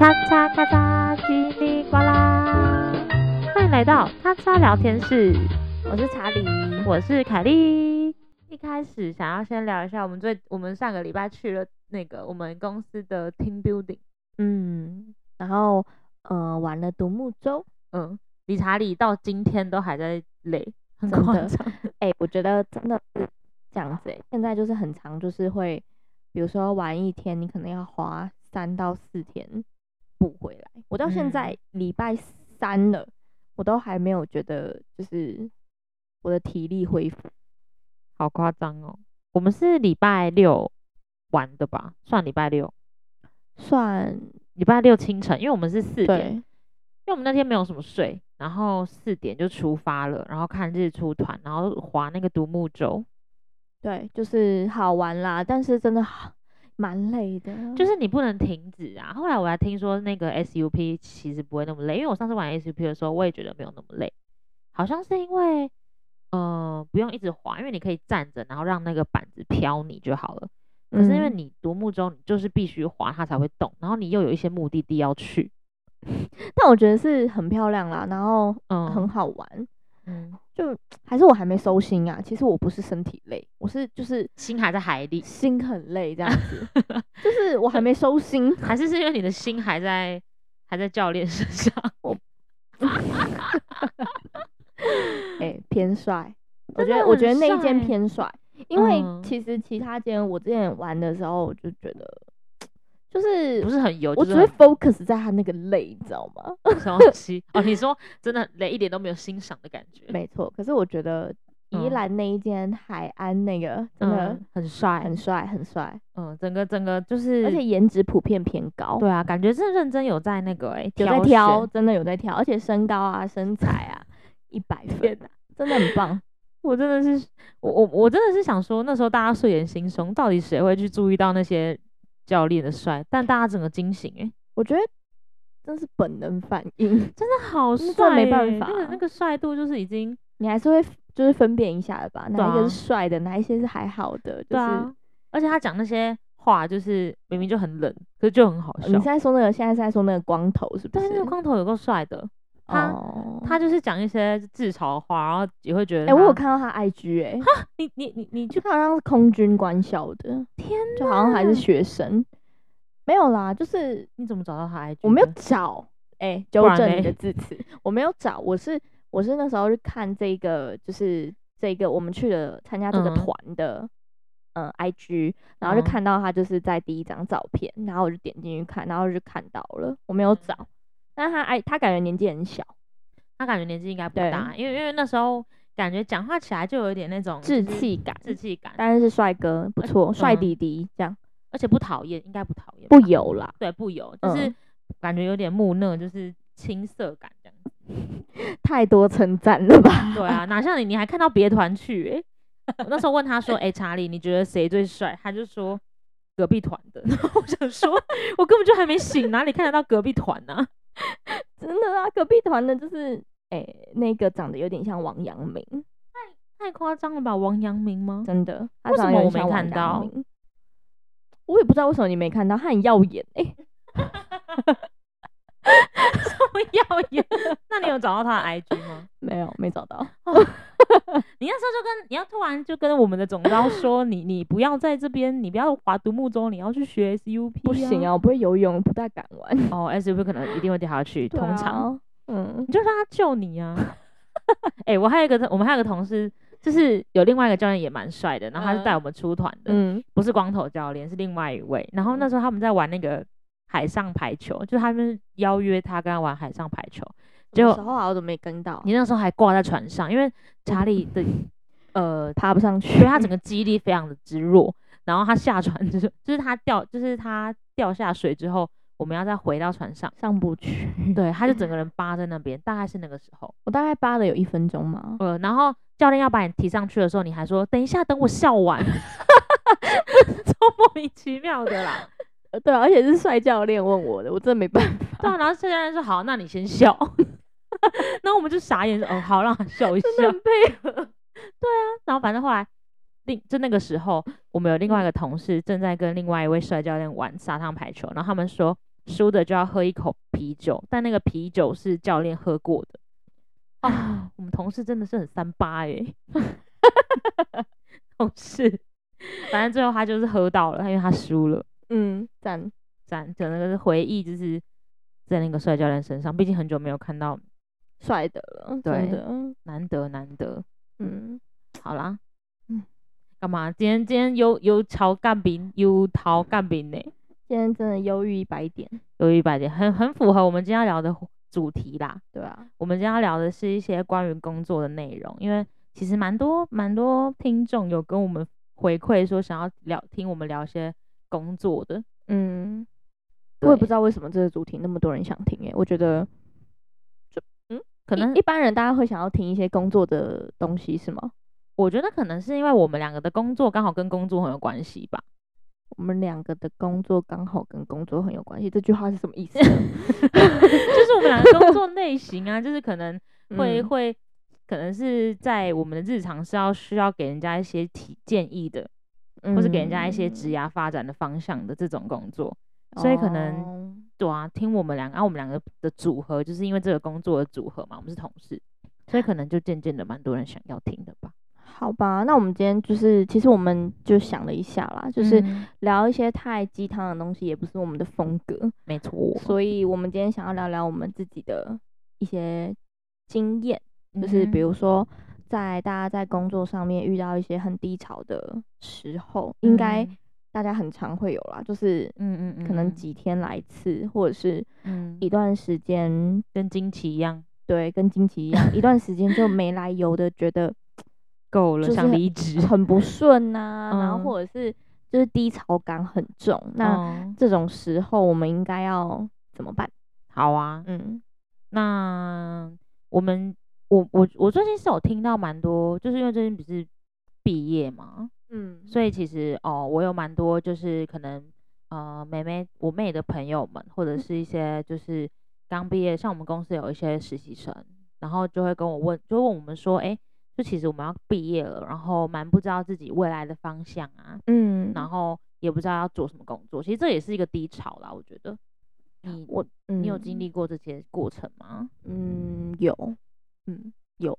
咔嚓咔嚓，嘰裡呱啦，歡迎來到咔嚓聊天室。我是查理，我是凱莉。一開始想要先聊一下我們最，我們上個禮拜去了那個我們公司的 team building，嗯，然後呃玩了獨木舟，嗯，理查理到今天都還在累，很誇張。哎、欸，我覺得真的是這樣子，現在就是很常，就是會，比如說玩一天，你可能要花三到四天。補回來，我到現在禮拜三了，嗯，我都還沒有覺得就是我的體力恢復，好誇張哦。我們是禮拜六玩的吧？算禮拜六，算禮拜六清晨，因為我們是四點，對，因為我們那天沒有什麼睡，然後四點就出發了，然後看日出團，然後划那個獨木舟，對，就是好玩啦。但是真的好。蠻累的啊，就是你不能停止啊。後來我還聽說那個 SUP 其實不會那麼累，因為我上次玩 SUP 的時候，我也覺得沒有那麼累。好像是因為，呃，不用一直滑因為你可以站着，然後讓那個板子飄你就好了。嗯。可是因為你獨木舟，你就是必須滑它才會動，然後你又有一些目的地要去。但我覺得是很漂亮啦，然後嗯，很好玩。嗯嗯，就還是我還沒收心啊。其實我不是身體累，我是就是心還在海裡，心很累這樣子。 就是我還沒收心，還是是因為你的心還在，還在教練身上。我，哈哈哈哎，偏帥，我覺得我覺得那一間偏帥、嗯，因為其實其他間我之前玩的時候，我就覺得。就是不是很油，我只會 focus 在他那個淚，你、就是、知道嗎？小 七哦，你說真的淚一點都沒有欣賞的感覺，沒錯。可是我覺得宜蘭那一間海安那個真的很帥、嗯，很帥，很帥。嗯，整個整個就是，而且顏值普遍偏高。對啊，感覺是認真有在那個哎、欸，有在挑，真的有在挑，而且身高啊、身材啊一百分、啊，真的很棒。 我真的是，我我我真的是想說，那時候大家睡眼惺忪，到底誰會去注意到那些？教練的帥，但大家整個驚醒哎、欸，我覺得真的是本能反應， 真的好帥、欸， 真的沒辦法，那個帥、那個、度就是已經，你還是會就是分辨一下了吧、啊，哪一些是帥的，哪一些是還好的，就是、對啊，而且他講那些話就是明明就很冷，可是就很好笑。哦、你現在說那個，現在現在說那個光頭是不是？但是那個光頭有夠帥的。他、oh. 他就是講一些自嘲的話，然後也會覺得哎、欸，我有看到他 IG 哎、欸，哈，你你你你去看，好像是空軍官校的，天哪，就好像還是學生，沒有啦，就是你怎麼找到他 IG？我沒有找，哎、欸，糾、欸、正你的字詞，欸、 我沒有找，我是我是那時候就看這個，就是這個我們去了參加這個團的，嗯，嗯，IG，然後就看到他就是在第一張照片、嗯，然後我就點進去看，然後就看到了，嗯、我沒有找。但他哎，他感覺年紀很小，他感覺年紀應該不大，因為因為那時候感覺講話起來就有點那種稚氣感，稚氣感。但是帥哥不錯，帥弟弟這樣，而且不討厭，應該不討厭，不油啦，對，不油、嗯，就是感覺有點木訥，就是青澀感這樣。太多稱讚了吧？ 對啊，哪像你，你還看到別團去、欸？哎， 我那時候問他說，哎、 欸，查理，你覺得誰最帥？他就說隔壁團的。 然後我想說，我根本就還沒醒，哪裡看得到隔壁團呢、啊？ 真的啊，隔壁團的就是，欸，那個長得有點像王陽明，太太誇張了吧？王陽明嗎？真的他？為什麼我沒看到？我也不知道為什麼你沒看到，他很耀眼哎。欸 這 麼要眼？那你有找到他的 IG 嗎？沒有，沒找到。 oh, 你那時候就跟你要突然就跟我們的總教說，你你不要在這邊，你不要划獨木舟，你要去學 SUP，啊。不行啊，我不會游泳，我不太敢玩。哦，oh，SUP 可能一定會掉下去，通常，啊，嗯，你就讓他救你啊。哎、 欸，我還有一個，我們還有個同事，就是有另外一個教練也蠻帥的，然後他是帶我們出團的，嗯，不是光頭教練，是另外一位。然後那時候他們在玩那個。海上排球，就他們邀約他跟他玩海上排球，有時候啊我都沒跟到、啊。你那時候還掛在船上，因為查理的、嗯、呃爬不上去，他整個肌力非常的之弱。 然後他下船就是就是他掉就是他掉下水之後，我們要再回到船上上不去，對，他就整個人扒在那邊，大概是那個時候，我大概扒了有一分鐘嘛。呃，然後教練要把你提上去的時候，你還說等一下，等我笑完，哈哈哈哈莫名其妙的啦。對、啊，而且是帥教練問我的，我真的沒辦法。對、啊，然後帥教練說：“好，那你先笑。 ”，那我們就傻眼哦，好，讓他笑一下。”，真配合。對啊，然後反正後來，另就那個時候，我們有另外一個同事正在跟另外一位帥教練玩沙灘排球，然後他們說，輸的就要喝一口啤酒，但那個啤酒是教練喝過的。啊、哦，我們同事真的是很三八耶。 同事，反正最後他就是喝到了，因為他輸了。嗯，讚讚整個回憶，就是在那個帥教練身上。畢竟很久沒有看到帥的了，對，真的難得難得。嗯，好啦，嗯，幹嘛？今天今天又又潮乾冰，又淘乾餅呢？今天真的憂鬱一百點，憂鬱一百點，很很符合我們今天要聊的主題啦。對啊，我們今天要聊的是一些關於工作的內容，因為其實蠻多蠻多聽眾有跟我們回饋說想要聊，聽我們聊一些。工作的，嗯，我也不知道為什麼這個主題那麼多人想聽誒、欸。我覺得就，就嗯，可能一,一般人大家會想要聽一些工作的東西是嗎？我覺得可能是因為我們兩個的工作剛好跟工作很有關係吧。我們兩個的工作剛好跟工作很有關係，這句話是什麼意思、啊？ 就是我們兩個工作類型啊，就是可能會、嗯、會，可能是在我們的日常是要需要給人家一些提、建議的。或是給人家一些職涯發展的方向的這種工作，嗯、所以可能、哦、對啊，聽我們兩個、啊，我們兩個的組合，就是因為這個工作的組合嘛，我們是同事，所以可能就漸漸的蠻多人想要聽的吧。好吧，那我們今天就是，其實我們就想了一下啦，就是聊一些太雞湯的東西，也不是我們的風格，沒錯。所以我們今天想要聊聊我們自己的一些經驗、嗯，就是比如說。在大家在工作上面遇到一些很低潮的時候，嗯、應該大家很常會有啦，就是嗯嗯嗯，可能幾天來一次，嗯嗯嗯嗯或者是嗯一段時間，跟經期一樣，對，跟經期一樣， 一段時間就沒來由的覺得夠了，想離職，很不順吶、啊嗯，然後或者是就是低潮感很重，嗯、那這種時候我們應該要怎麼辦？好啊，嗯，那我們。我我我最近是有聽到蠻多，就是因為最近不是畢業嘛，嗯，所以其實哦，我有蠻多就是可能呃，妹妹我妹的朋友們，或者是一些就是剛畢業，像我們公司有一些實習生，然後就會跟我問，就問我們說，哎、欸，就其實我們要畢業了，然後蠻不知道自己未來的方向啊，嗯，然後也不知道要做什麼工作，其實這也是一個低潮啦，我覺得。你、嗯、我你有經歷過這些過程嗎？嗯，有。嗯，有，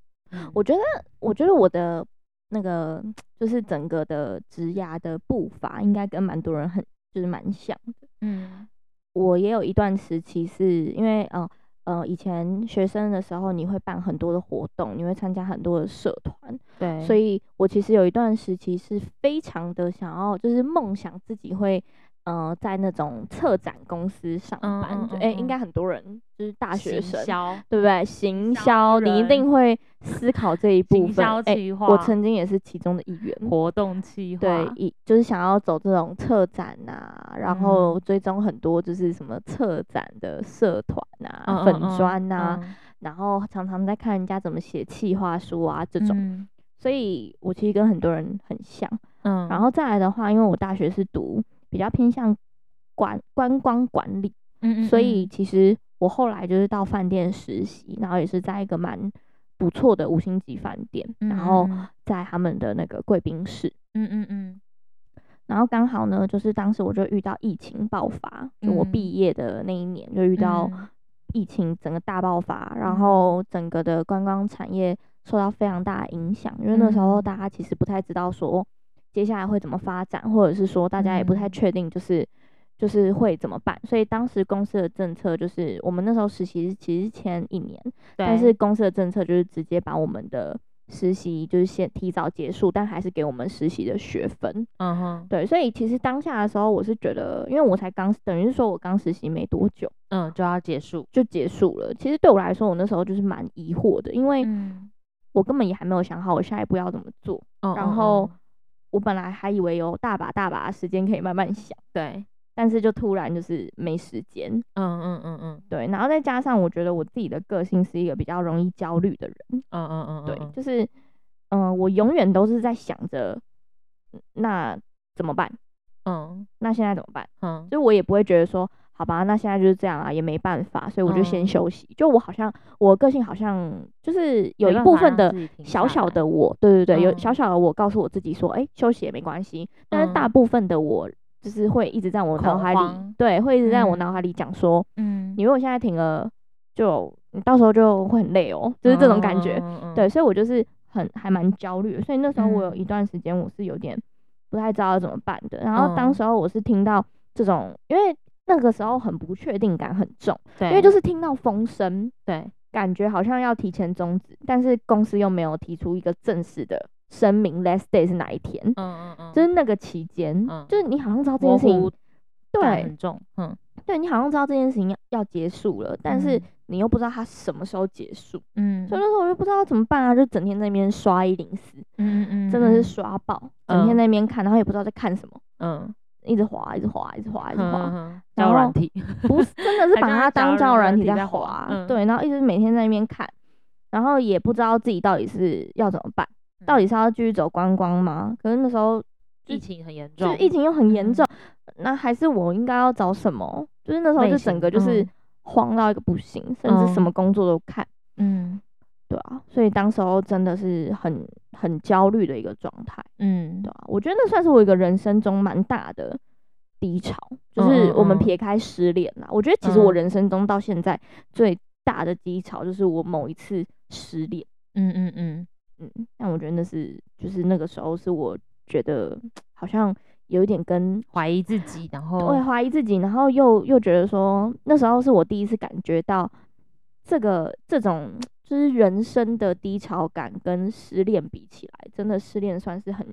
我覺得，我覺得我的那個就是整個的職涯的步伐，應該跟蠻多人很就是蠻像的。嗯，我也有一段時期是因為，嗯、呃，嗯、呃，以前學生的時候，你會辦很多的活動，你會參加很多的社團，對，所以我其實有一段時期是非常的想要，就是夢想自己會。嗯、呃，在那種策展公司上班，哎、嗯嗯嗯嗯欸，應該很多人就是大學生，對不對？行銷，你一定會思考這一部分。哎、欸欸，我曾經也是其中的一員。活動企劃。對，一就是想要走這種策展啊，然後追蹤很多就是什麼策展的社團啊、粉、嗯、專、嗯嗯、啊嗯嗯嗯，然後常常在看人家怎麼寫企劃書啊這種、嗯。所以我其實跟很多人很像，嗯，然後再來的話，因為我大學是讀。比較偏向管觀光管理，嗯，嗯，嗯所以其實我後來就是到飯店實習，然後也是在一個蠻不錯的五星級飯店嗯嗯，然後在他們的那個貴賓室，嗯嗯嗯。然後剛好呢，就是當時我就遇到疫情爆發，嗯、就我畢業的那一年就遇到疫情整個大爆發嗯嗯，然後整個的觀光產業受到非常大的影響、嗯嗯，因為那時候大家其實不太知道說。接下來會怎麼發展，或者是說大家也不太確定，就是、嗯、就是會怎麼辦？所以當時公司的政策就是，我們那時候實習其實簽一年，但是公司的政策就是直接把我們的實習就是先提早結束，但還是給我們實習的學分。嗯哼，對。所以其實當下的時候，我是覺得，因為我才剛，等於說我剛實習沒多久，嗯，就要結束，就結束了。其實對我來說，我那時候就是蠻疑惑的，因為我根本也還沒有想好我下一步要怎麼做，嗯、然後。嗯嗯我本來還以為有大把大把的時間可以慢慢想，對，但是就突然就是沒時間，嗯嗯嗯嗯，對，然後再加上我覺得我自己的個性是一個比較容易焦慮的人，嗯嗯、嗯嗯嗯，對，就是嗯、呃，我永遠都是在想着那怎麼辦，嗯，那現在怎麼辦，嗯，所以我也不會覺得說。好吧，那現在就是這樣啊，也沒辦法，所以我就先休息。嗯、就我好像，我個性好像就是有一部分的小小的我，對對對、嗯，有小小的我告訴我自己說，哎、欸，休息也沒關係。但是大部分的我，就是會一直在我腦海裡，對，會一直在我腦海裡講說，嗯，你如果現在停了，就你到時候就會很累哦，就是這種感覺。嗯嗯嗯嗯，對，所以我就是很還蠻焦慮，所以那時候我有一段時間我是有點不太知道要怎麼辦的。然後當時候我是聽到這種，因為。那個時候很不確定感很重，對，因為就是聽到風聲，對，感覺好像要提前終止，但是公司又沒有提出一個正式的聲明，last day 是哪一天？嗯嗯嗯、就是那個期間、嗯，就是你好像知道這件事情，對，很重，嗯，對你好像知道這件事情要，要結束了，但是你又不知道它什麼時候結束，嗯、所以那時候我就不知道怎麼辦啊，就整天在那邊刷一零四、嗯嗯，真的是刷爆，嗯、整天在那邊看，然後也不知道在看什麼，嗯。一直滑，一直滑，一直滑，一直滑，膠、嗯、軟、嗯、體，不是，真的是把它當膠軟體在滑、嗯嗯。對，然後一直每天在那邊看，然後也不知道自己到底是要怎麼辦，嗯、到底是要繼續走觀光嗎？可是那時候、嗯、疫情很嚴重，就是疫情又很嚴重、嗯，那還是我應該要找什麼？就是那時候是整個就是慌到一個不行、嗯，甚至什麼工作都看，嗯。嗯對啊，所以當時候真的是很很焦慮的一個狀態，嗯，對啊，我覺得那算是我一個人生中蠻大的低潮、嗯，就是我們撇開失戀啦、嗯，我覺得其實我人生中到現在最大的低潮就是我某一次失戀，嗯嗯嗯嗯，但我覺得那是就是那個時候是我覺得好像有一點跟懷疑自己，然後對，懷疑自己，然後又又覺得說那時候是我第一次感覺到這個這種。其實人生的低潮感跟失戀比起來，真的失戀算是很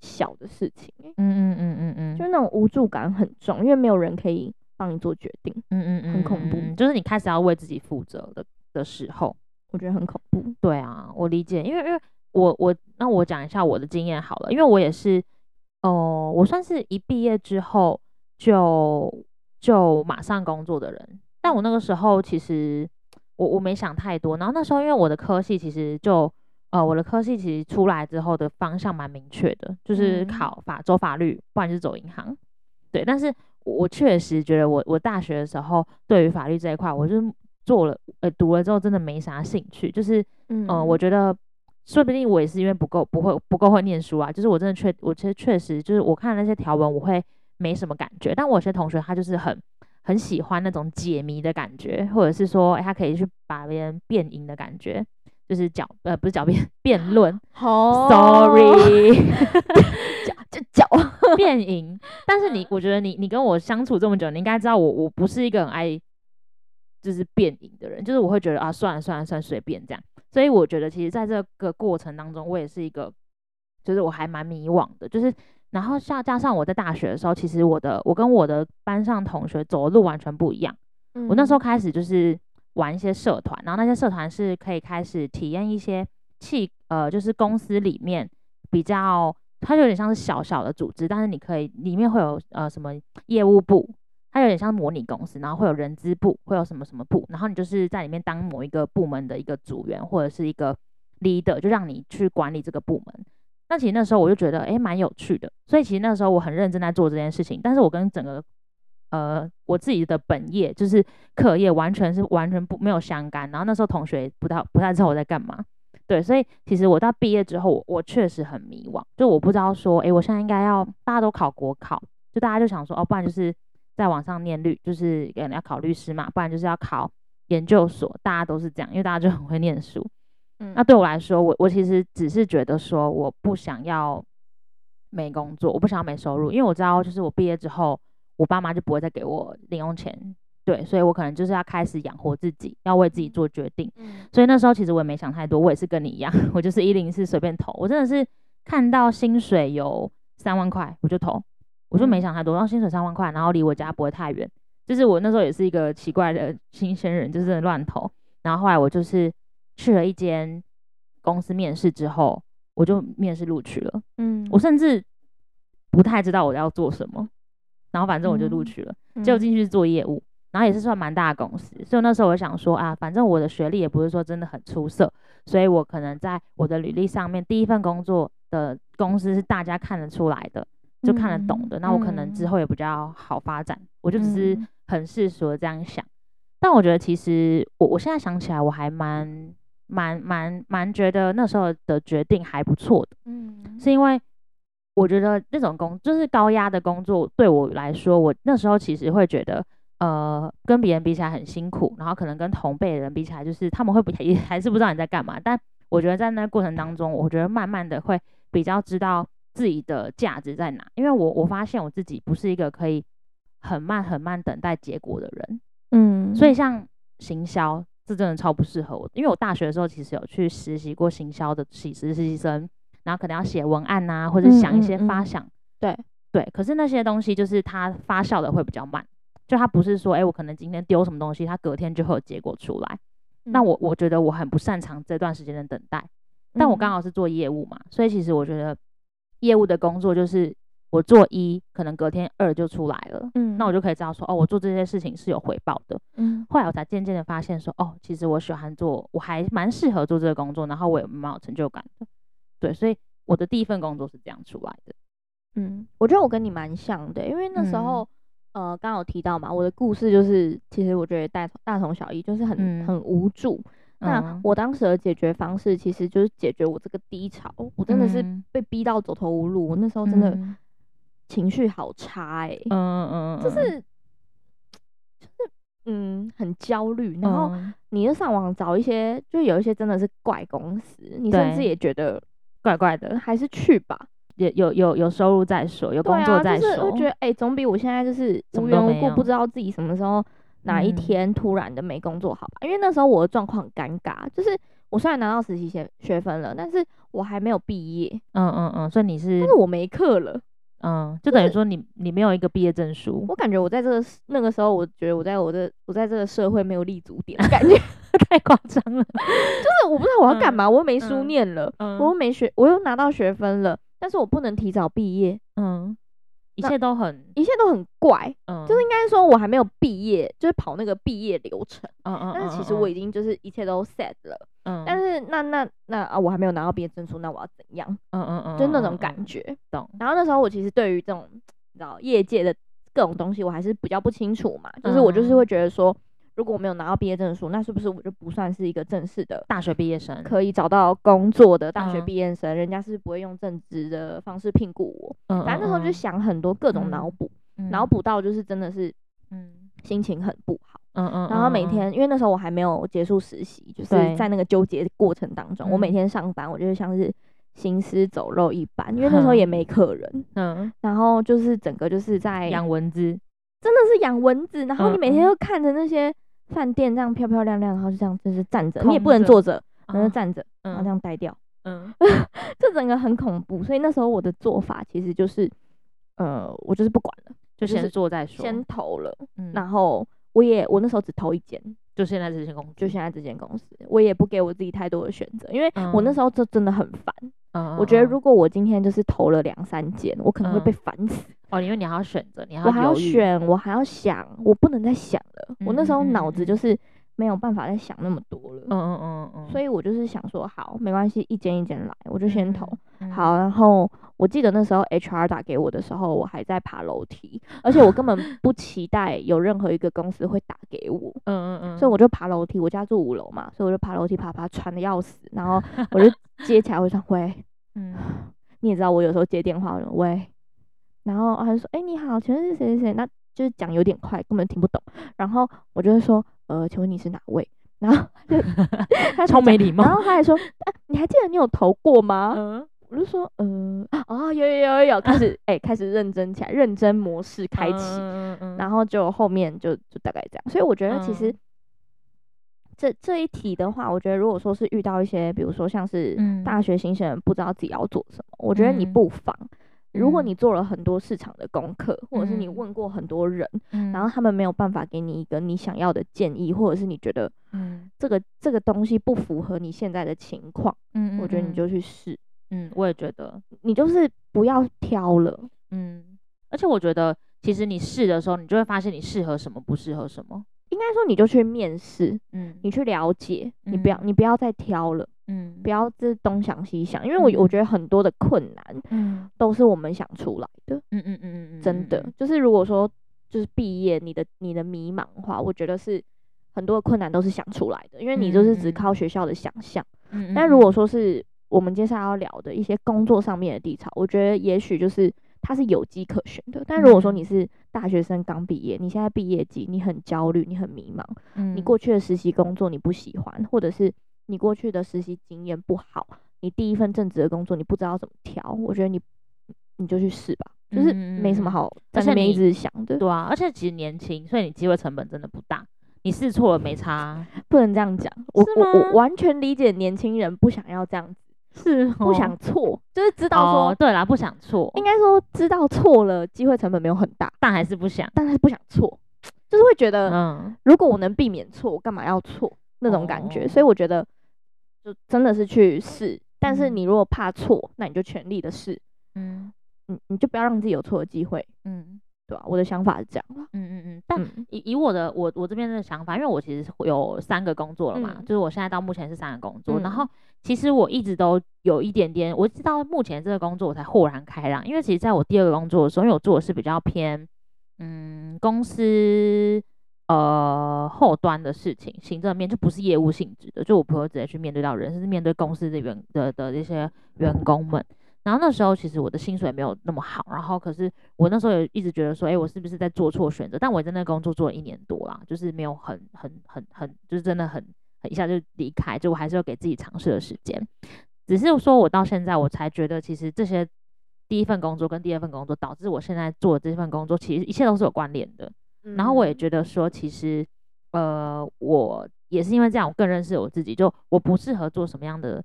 小的事情。嗯嗯嗯嗯嗯，就是那種無助感很重，因為沒有人可以幫你做決定。嗯嗯，嗯，嗯嗯，很恐怖。就是你開始要為自己負責的的時候，我覺得很恐怖。對啊，我理解，因為因為我我那我講一下我的經驗好了，因為我也是哦、呃，我算是一畢業之後就就馬上工作的人，但我那個時候其實。我我沒想太多，然後那時候因為我的科系其實就，呃，我的科系其實出來之後的方向蠻明確的，就是考法、嗯、走法律，不然就是走銀行，對。但是我確實覺得我我大學的時候對於法律這一塊，我就是做了，呃，讀了之後真的沒啥興趣，就是，嗯，呃、我覺得說不定我也是因為不夠不會不夠會念書啊，就是我真的確我其實確實就是我看那些條文我會沒什麼感覺，但我有些同學他就是很。很喜歡那種解謎的感覺，或者是說，欸、他可以去把別人辯贏的感覺，就是狡呃不是狡辯辯論，sorry，狡狡狡辯贏。 但是你，我覺得你你跟我相處這麼久，你應該知道我我不是一個很愛就是辯贏的人，就是我會覺得啊算了算了算隨便這樣。所以我覺得其實在這個過程當中，我也是一個，就是我還蠻迷惘的，就是。然後，加加上我在大學的時候，其實我的我跟我的班上同學走的路完全不一樣。嗯。我那時候開始就是玩一些社團，然後那些社團是可以開始體驗一些氣，呃，就是公司裡面比較，它有點像是小小的組織，但是你可以裡面會有呃什麼業務部，它有點像模擬公司，然後會有人資部，會有什麼什麼部，然後你就是在裡面當某一個部門的一個組員或者是一個 leader，就讓你去管理這個部門。那其實那時候我就覺得，哎、欸，蠻有趣的。所以其實那時候我很認真在做這件事情，但是我跟整個，呃，我自己的本業就是課業，完全是完全不沒有相干。然後那時候同學不太不太知道我在幹嘛，對。所以其實我到畢業之後，我確實很迷惘，就我不知道說，哎、欸，我現在應該要大家都考國考，就大家就想說，哦，不然就是在網上念律，就是要考律師嘛，不然就是要考研究所，大家都是這樣，因為大家就很會念書。嗯、那對我來說，我我其實只是覺得說，我不想要沒工作，我不想要沒收入，因為我知道，就是我畢業之後，我爸媽就不會再給我零用錢，對，所以我可能就是要開始養活自己，要為自己做決定、嗯。所以那時候其實我也沒想太多，我也是跟你一樣，我就是一零四隨便投，我真的是看到薪水有三萬塊我就投，我就沒想太多，然後薪水三萬塊，然後離我家不會太遠，就是我那時候也是一個奇怪的新鮮人，就是亂投，然後後來我就是。去了一間公司面試之後，我就面試錄取了。嗯，我甚至不太知道我要做什麼，然後反正我就錄取了，就、嗯、進去做業務、嗯。然後也是算蠻大的公司，所以那時候我想說啊，反正我的學歷也不是說真的很出色，所以我可能在我的履歷上面第一份工作的公司是大家看得出來的，就看得懂的。嗯、那我可能之後也比較好發展，嗯、我就只是很世俗的這樣想、嗯。但我覺得其實我我現在想起來我還蠻。蠻蠻蠻覺得那時候的決定還不錯的，嗯，是因為我覺得那種工就是高壓的工作對我來說，我那時候其實會覺得，呃，跟別人比起來很辛苦，然後可能跟同輩的人比起來，就是他們會不也還是不知道你在幹嘛。但我覺得在那過程當中，我覺得慢慢的會比較知道自己的價值在哪，因為我我發現我自己不是一個可以很慢很慢等待結果的人，嗯，所以像行銷。這真的超不適合我，因為我大學的時候其實有去實習過行銷的，實習實習生，然後可能要寫文案吶、啊，或者想一些發想，嗯嗯嗯對對。可是那些東西就是它發酵的會比較慢，就它不是說，誒、欸，我可能今天丟什麼東西，它隔天就會有結果出來。那、嗯、我我覺得我很不擅長這段時間的等待，但我剛好是做業務嘛、嗯，所以其實我覺得業務的工作就是。我做一，可能隔天二就出來了，嗯，那我就可以知道說，哦，我做這些事情是有回報的，嗯。後來我才漸漸的發現說，哦，其實我喜歡做，我還蠻適合做這個工作，然後我也蠻有成就感的、嗯，對。所以我的第一份工作是這樣出來的，嗯。我覺得我跟你蠻像的、欸，因為那時候，嗯、呃，剛剛有提到嘛，我的故事就是，其實我覺得大同大同小異，就是很、嗯、很無助、嗯。那我當時的解決方式其實就是解決我這個低潮、哦，我真的是被逼到走投無路，嗯、我那時候真的。嗯情緒好差哎、欸，嗯嗯嗯，就是就是嗯，很焦慮、嗯。然後你就上網找一些，就有一些真的是怪公司，你甚至也覺得怪怪的，還是去吧？也有有有收入再說，有工作再說、啊。我、就是、覺得，哎、欸，總比我現在就是無緣無故不知道自己什麼時候麼哪一天突然的沒工作好吧？嗯、因為那時候我的狀況很尷尬，就是我雖然拿到實習學學分了，但是我還沒有畢業。嗯嗯嗯，嗯，所以你是，但是我沒課了。嗯，就等於說你、就是、你沒有一個畢業證書。我感覺我在這個那個時候，我覺得我在我這我在這個社會沒有立足點，我感覺 太誇誇張張了。 就是我不知道我要幹嘛、嗯，我又沒書唸了、嗯嗯，我又沒學，我又拿到學分了，但是我不能提早畢業。嗯，一切都很一切都很怪。嗯，就是應該說，我還沒有畢業，就是跑那個畢業流程。嗯嗯，嗯，嗯，但是其實我已經就是一切都 set 了。嗯，但是那那那，那啊，我還沒有拿到畢業證書，那我要怎樣？嗯嗯嗯，就那種感覺。懂、嗯嗯嗯。然後那時候我其實對於這種，你知道，業界的各種東西，我還是比較不清楚嘛、嗯。就是我就是會覺得說，如果我沒有拿到畢業證書，那是不是我就不算是一個正式的大學畢業生？可以找到工作的大學畢業生、嗯，人家是不會用正職的方式聘雇我。嗯。反正那時候就想很多各種腦補，腦、嗯、補到就是真的是，嗯，心情很不好。嗯嗯，嗯，然後每天，因為那時候我還沒有結束實習，就是在那個糾結過程當中，嗯、我每天上班，我覺得像是行屍走肉一般，因為那時候也沒客人。嗯，嗯，嗯、然後就是整個就是在養蚊子，真的是養蚊子。然後你每天都看着那些飯店這樣漂漂亮亮，然後就這樣就是站着，你也不能坐着，然後就站著，啊、然後這樣待掉。嗯，嗯， 這整個很恐怖。所以那時候我的做法其實就是，呃、嗯，我就是不管了，就先做再說，就是，先投了，嗯、然後。我也我那時候只投一間，就現在這間公就現在這間公司，我也不給我自己太多的選擇，因為我那時候就真的很煩、嗯。我覺得如果我今天就是投了兩三間，我可能會被煩死哦，因為你還要選擇，你還要選，我還要想，我不能再想了。嗯、我那時候腦子就是。沒有辦法再想那麼多了，嗯嗯嗯嗯，所以我就是想說，好，沒關係，一間一間來，我就先投，嗯嗯、好，然後我記得那時候 HR 打給我的時候，我還在爬樓梯、啊，而且我根本不期待有任何一個公司會打給我，嗯嗯嗯，所以我就爬樓梯，我家住五樓嘛，所以我就爬樓梯爬爬爬，喘的要死，然後我就接起來， 我說喂，嗯，你也知道我有時候接電話，我喂，然後他就說，哎、欸，你好，請問是誰誰誰那。就是講有點快，根本聽不懂。然後我就會說，呃，請問你是哪位？然後他 超沒禮禮貌。 然後他還說、 啊，你還記得你有投過嗎、嗯？我就說，嗯，啊，有有有有，開始哎、啊欸，開始認真起來，認真模式開啟。嗯嗯嗯，然後就後面就就大概這樣。所以我覺得其實、嗯、這這一題的話，我覺得如果說是遇到一些，比如說像是大學新鮮人不知道自己要做什麼，我覺得你不妨。嗯嗯嗯如果你做了很多市場的功課，嗯、或者是你問過很多人、嗯，然後他們沒有辦法給你一個你想要的建議，嗯、或者是你覺得這個、嗯、這個東西不符合你現在的情況，嗯，我覺得你就去試。嗯，我也覺得你就是不要挑了。嗯，而且我覺得其實你試的時候，你就會發現你適合什麼，不適合什麼。應該說你就去面試，嗯，你去了解，嗯、你不要你不要再挑了。嗯，不要這、就是、東想西想，因為我、嗯、我覺得很多的困難，都是我們想出來的。嗯嗯嗯嗯，真的就是如果說就是畢業你的你的迷茫的話，我覺得是很多的困難都是想出來的，因為你就是只靠學校的想象。嗯、但如果說是我們接下來要聊的一些工作上面的低潮，我覺得也許就是它是有跡可循的。但如果說你是大學生剛畢業，你現在畢業季，你很焦慮，你很迷茫、嗯，你過去的實習工作你不喜歡，或者是。你過去的實習經驗不好，你第一份正職的工作你不知道怎麼挑，我覺得你你就去試吧、嗯，就是沒什麼好在那邊一直想的，對啊，而且其實年輕，所以你機會成本真的不大，你試錯了沒差、啊。不能這樣講，我我我完全理解年輕人不想要這樣子，是、哦、不想錯，就是知道說、哦、對啦，不想錯，應該說知道錯了機會成本沒有很大，但還是不想，但還是不想錯，就是會覺得，嗯、如果我能避免錯，我幹嘛要錯那種感覺、哦，所以我覺得。就真的是去試，但是你如果怕錯，那你就全力的試，嗯，你、嗯、你就不要讓自己有錯的機會，嗯，對吧、啊？我的想法是這樣，嗯嗯嗯。但以以我的我我這邊的想法，因為我其實有三個工作了嘛，嗯、就是我現在到目前是三個工作、嗯，然後其實我一直都有一點點，我直到目前這個工作我才豁然開朗，因為其實在我第二個工作的時候，因為我做的是比較偏嗯公司。呃，後端的事情，行政面就不是業務性質的，就我朋友直接去面對到人，甚至面對公司的員的的、的這些員工們。然後那時候其實我的薪水沒有那麼好，然後可是我那時候也一直覺得說，哎、欸，我是不是在做錯選擇？但我在那工作做了一年多啦，就是沒有很很很很，就是真的很很一下就離開，就我還是要給自己嘗試的時間。只是說我到現在我才覺得，其實這些第一份工作跟第二份工作導致我現在做的這份工作，其實一切都是有關聯的。嗯、然後我也覺得說，其實，呃，我也是因為這樣，我更認識我自己，就我不適合做什麼樣的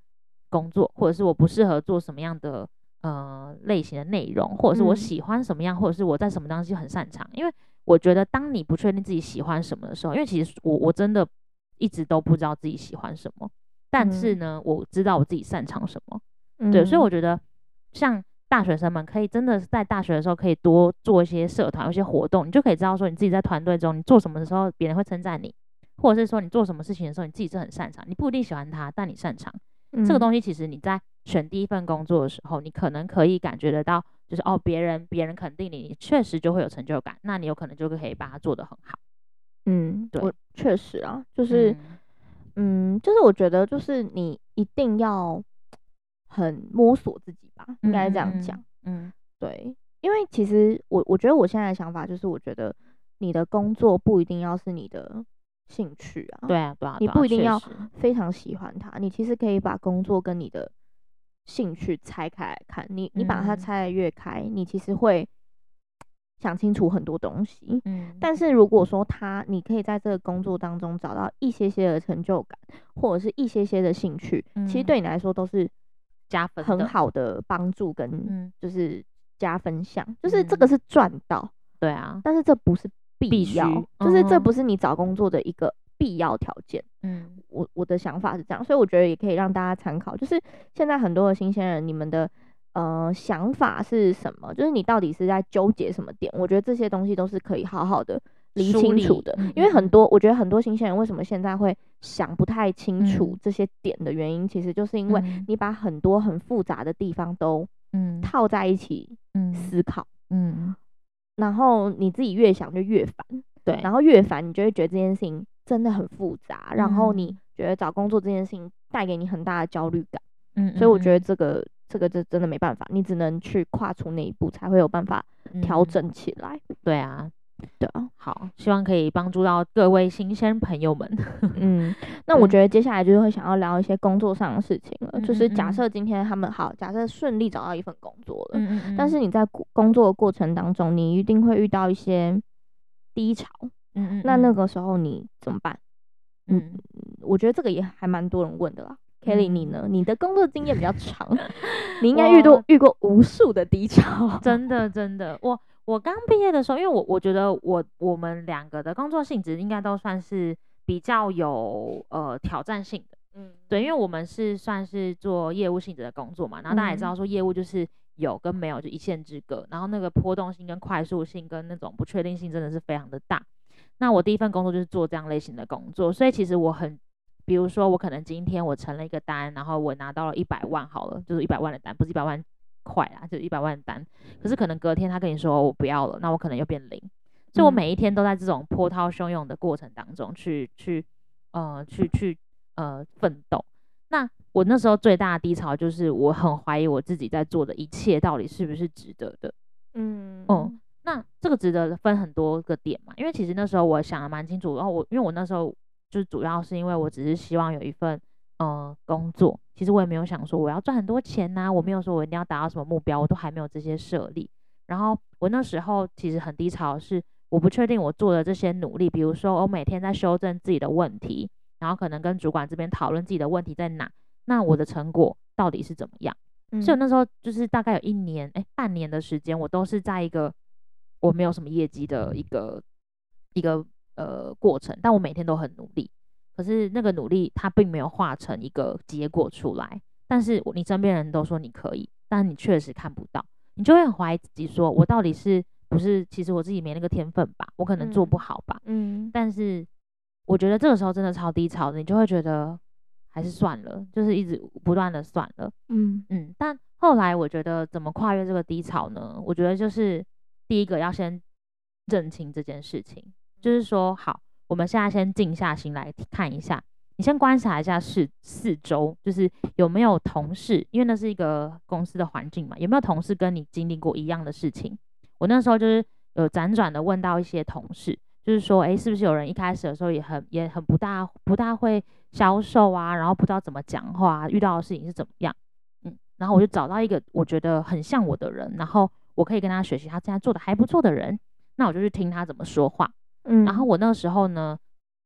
工作，或者是我不適合做什麼樣的呃類型的內容，或者是我喜歡什麼樣，嗯、或者是我在什麼東西很擅長。因為我覺得，當你不確定自己喜歡什麼的時候，因為其實我我真的一直都不知道自己喜歡什麼，但是呢，嗯、我知道我自己擅長什麼。嗯、對，所以我覺得像。大學生們可以真的是在大學的時候可以多做一些社團、一些活動，你就可以知道說你自己在團隊中你做什麼的時候別人會稱讚你，或者是說你做什麼事情的時候你自己是很擅長。你不一定喜歡他，但你擅長、嗯、這個東西。其實你在選第一份工作的時候，你可能可以感覺得到，就是哦，別人別人肯定你，你確實就會有成就感。那你有可能就可以把它做得很好。嗯，對，確實啊，就是嗯，嗯，就是我覺得就是你一定要。很摸索自己吧，應該這樣講、嗯嗯。嗯，對，因為其實我我覺得我現在的想法就是，我覺得你的工作不一定要是你的興趣啊。對啊，對啊，你不一定要非常喜歡它，你其實可以把工作跟你的興趣拆開來看。你你把它拆的越開、嗯，你其實會想清楚很多東西。嗯、但是如果說他，你可以在這個工作當中找到一些些的成就感，或者是一些些的興趣，嗯、其實對你來說都是。加分很好的幫助跟就是加分項、嗯，就是這個是賺到、嗯，對啊，但是這不是必要，必須，就是這不是你找工作的一個必要條件。嗯，我我的想法是這樣，所以我覺得也可以讓大家參考，就是現在很多的新鮮人，你們的呃想法是什麼？就是你到底是在糾結什麼點？我覺得這些東西都是可以好好的。理清楚的。嗯，因為很多，我覺得很多新鮮人為什麼現在會想不太清楚這些點的原因，嗯、其實就是因為你把很多很複雜的地方都嗯套在一起嗯思考嗯，嗯，嗯，嗯，然後你自己越想就越煩對，然後越煩你就會覺得這件事情真的很複雜，嗯、然後你覺得找工作這件事情帶給你很大的焦慮感嗯，嗯，所以我覺得這個這個這真的沒辦法，你只能去跨出那一步，才會有辦法調整起來、嗯、對啊。對啊，好，希望可以幫助到各位新鮮朋友們。 嗯，那我覺得接下來就是會想要聊一些工作上的事情了。嗯嗯，就是假設今天他們好，假設順利找到一份工作了嗯嗯嗯，但是你在工作的過程當中，你一定會遇到一些低潮。嗯嗯，嗯，那那個時候你怎麼辦？嗯，我覺得這個也還蠻多人問的啦、嗯。Kelly，你呢？你的工作經驗比較長， 你應該遇過遇過無數的低潮、啊。真的，真的，哇。我剛畢業的時候，因為我我覺得我我們兩個的工作性質應該都算是比較有呃挑戰性的，嗯，對，因為我們是算是做業務性質的工作嘛，然後大家也知道說業務就是有跟沒有、嗯、就一線之隔，然後那個波動性跟快速性跟那種不確定性真的是非常的大。那我第一份工作就是做這樣類型的工作，所以其實我很，比如說我可能今天我成了一個單，然後我拿到了一百萬好了，就是一百萬的單，不是一百萬。快啦，就一百萬單，可是可能隔天他跟你說我不要了，那我可能又變零，所以我每一天都在這種波濤洶湧的過程當中去、嗯、去、呃、去去呃奮鬥。那我那時候最大的低潮就是我很懷疑我自己在做的一切到底是不是值得的。嗯，哦、嗯，那這個值得分很多個點嘛，因為其實那時候我想的蠻清楚，然、哦、後我因為我那時候就主要是因為我只是希望有一份呃工作。其實我也沒有想說我要賺很多錢吶，啊，我沒有說我一定要達到什麼目標，我都還沒有這些設立。然後我那時候其實很低潮，是我不確定我做的這些努力，比如說我每天在修正自己的問題，然後可能跟主管這邊討論自己的問題在哪，那我的成果到底是怎麼樣？嗯，所以我那時候就是大概有一年，哎，半年的時間，我都是在一個我沒有什麼業績的一個一個呃過程，但我每天都很努力。可是那個努力，它並沒有化成一個結果出來。但是你身邊人都說你可以，但你確實看不到，你就會很懷疑自己，說我到底是不是？其實我自己沒那個天分吧？我可能做不好吧？嗯。但是我覺得這個時候真的超低潮，你就會覺得還是算了，就是一直不斷的算了。嗯嗯。但後來我覺得怎麼跨越這個低潮呢？我覺得就是第一個要先認清這件事情，就是說好。我們現在先靜下心來看一下，你先觀察一下四四周，就是有沒有同事，因為那是一個公司的環境嘛，有沒有同事跟你經歷過一樣的事情？我那時候就是有輾轉的問到一些同事，就是說，誒，是不是有人一開始的時候也很也很不大不大會銷售啊，然後不知道怎麼講話，遇到的事情是怎麼樣？嗯，然後我就找到一個我覺得很像我的人，然後我可以跟他學習，他現在做的還不錯的人，那我就去聽他怎麼說話。嗯，然後我那個時候呢，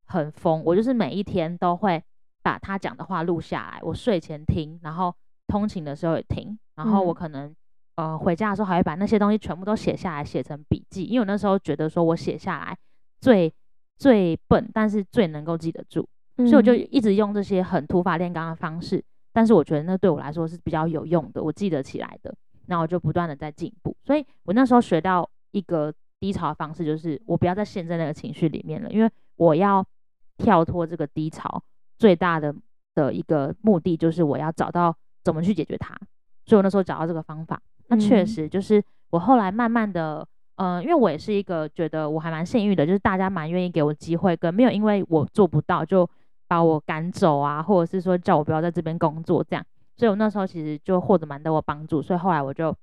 很瘋，我就是每一天都會把他講的話錄下來，我睡前聽，然後通勤的時候也聽，然後我可能，嗯、呃，回家的時候還會把那些東西全部都寫下來，寫成筆記，因為我那時候覺得說我寫下來最最笨，但是最能夠記得住，所以我就一直用這些很土法煉鋼的方式，嗯、但是我覺得那對我來說是比較有用的，我記得起來的，那我就不斷的在進步，所以我那時候學到一個。低潮的方式就是，我不要再陷在那個情緒裡面了，因為我要跳脫這個低潮。最大的的一個目的就是我要找到怎麼去解決它，所以我那時候找到這個方法。那確實就是我後來慢慢的，嗯，因為我也是一個覺得我還蠻幸運的，就是大家蠻願意給我機會，跟沒有因為我做不到就把我趕走啊，或者是說叫我不要在這邊工作這樣。所以我那時候其實就獲得蠻多幫助，所以後來我就。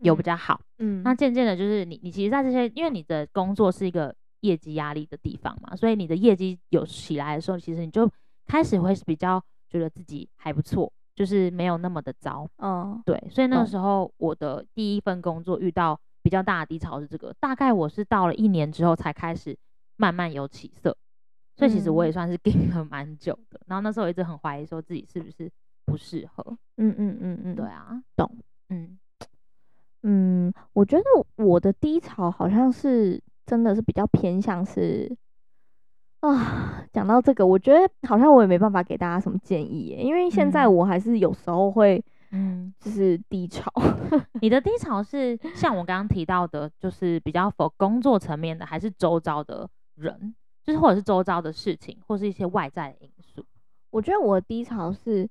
有比較好，嗯，那漸漸的，就是你，你其實，在這些，因為你的工作是一個業績壓力的地方嘛，所以你的業績有起來的時候，其實你就開始會是比較覺得自己還不錯，就是沒有那麼的糟，嗯，對，所以那個時候我的第一份工作遇到比較大的低潮是這個，大概我是到了一年之後才開始慢慢有起色，所以其實我也算是頂了蠻久的，然後那時候我一直很懷疑說自己是不是不適合，嗯嗯嗯嗯，對啊，懂，嗯。嗯，我覺得我的低潮好像是真的是比較偏向是，啊，講到這個，我覺得好像我也沒辦法給大家什麼建議耶，因為現在我還是有時候會，嗯，嗯，就是低潮。你的低潮是像我剛剛提到的，就是比較 for 工作層面的，還是周遭的人，就是或者是周遭的事情，或是一些外在的因素？我覺得我的低潮是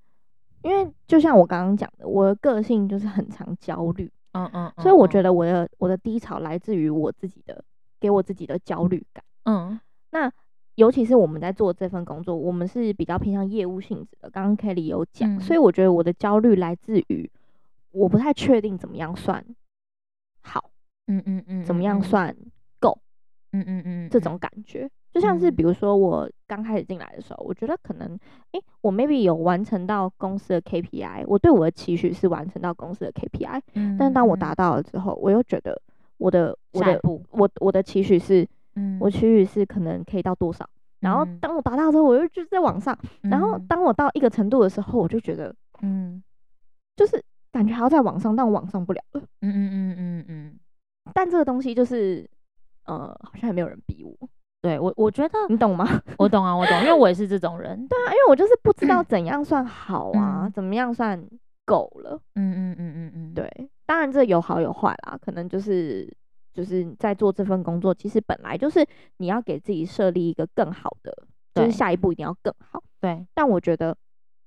因為就像我剛剛講的，我的個性就是很常焦慮。嗯嗯，所以我覺得我的我的低潮來自於我自己的，給我自己的焦慮感。嗯、oh.，那尤其是我們在做這份工作，我們是比較偏向業務性質的。剛剛 Kelly 有講、嗯，所以我覺得我的焦慮來自於我不太確定怎麼樣算好，嗯嗯嗯，嗯，怎麼樣算夠，嗯嗯嗯，嗯，這種感覺。就像是比如說我剛開始進來的時候、嗯，我覺得可能，誒、欸，我 maybe 有完成到公司的 KPI，我對我的期許是完成到公司的 KPI、嗯。但當我達到了之後，我又覺得我的我的我我的期許是、嗯，我期許是可能可以到多少，然後當我達到之後，我又就在往上，然後當我到一個程度的時候，我就覺得，嗯，就是感覺還要再往上，但我往上不了了。嗯嗯嗯嗯嗯。但這個東西就是，呃，好像也沒有人逼我。對，我我覺得你懂嗎？我懂啊，我懂， 因為我也是這種人。 對啊，因為我就是不知道怎樣算好啊，嗯、怎麼樣算夠了。嗯嗯嗯嗯嗯。對，當然這有好有壞啦，可能就是就是在做這份工作，其實本來就是你要給自己設立一個更好的，就是下一步一定要更好。對，但我覺得，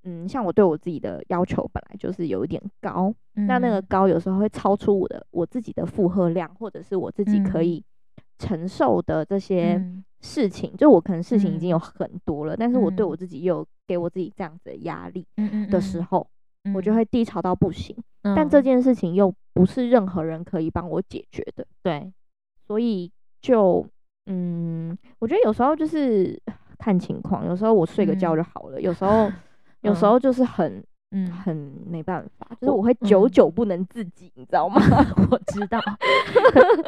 嗯，像我對我自己的要求本來就是有一點高，嗯、那那個高有時候會超出我的我自己的負荷量，或者是我自己可以、嗯。承受的這些事情、嗯，就我可能事情已經有很多了，嗯、但是我對我自己又給我自己這樣子的壓力的時候、嗯嗯，我就會低潮到不行、嗯。但這件事情又不是任何人可以幫我解決的、嗯，對，所以就嗯，我覺得有時候就是看情況，有時候我睡個覺就好了，嗯、有時候，有時候就是很。嗯嗯，很沒辦法，就是我會久久不能自己，嗯，你知道嗎？ 我知道。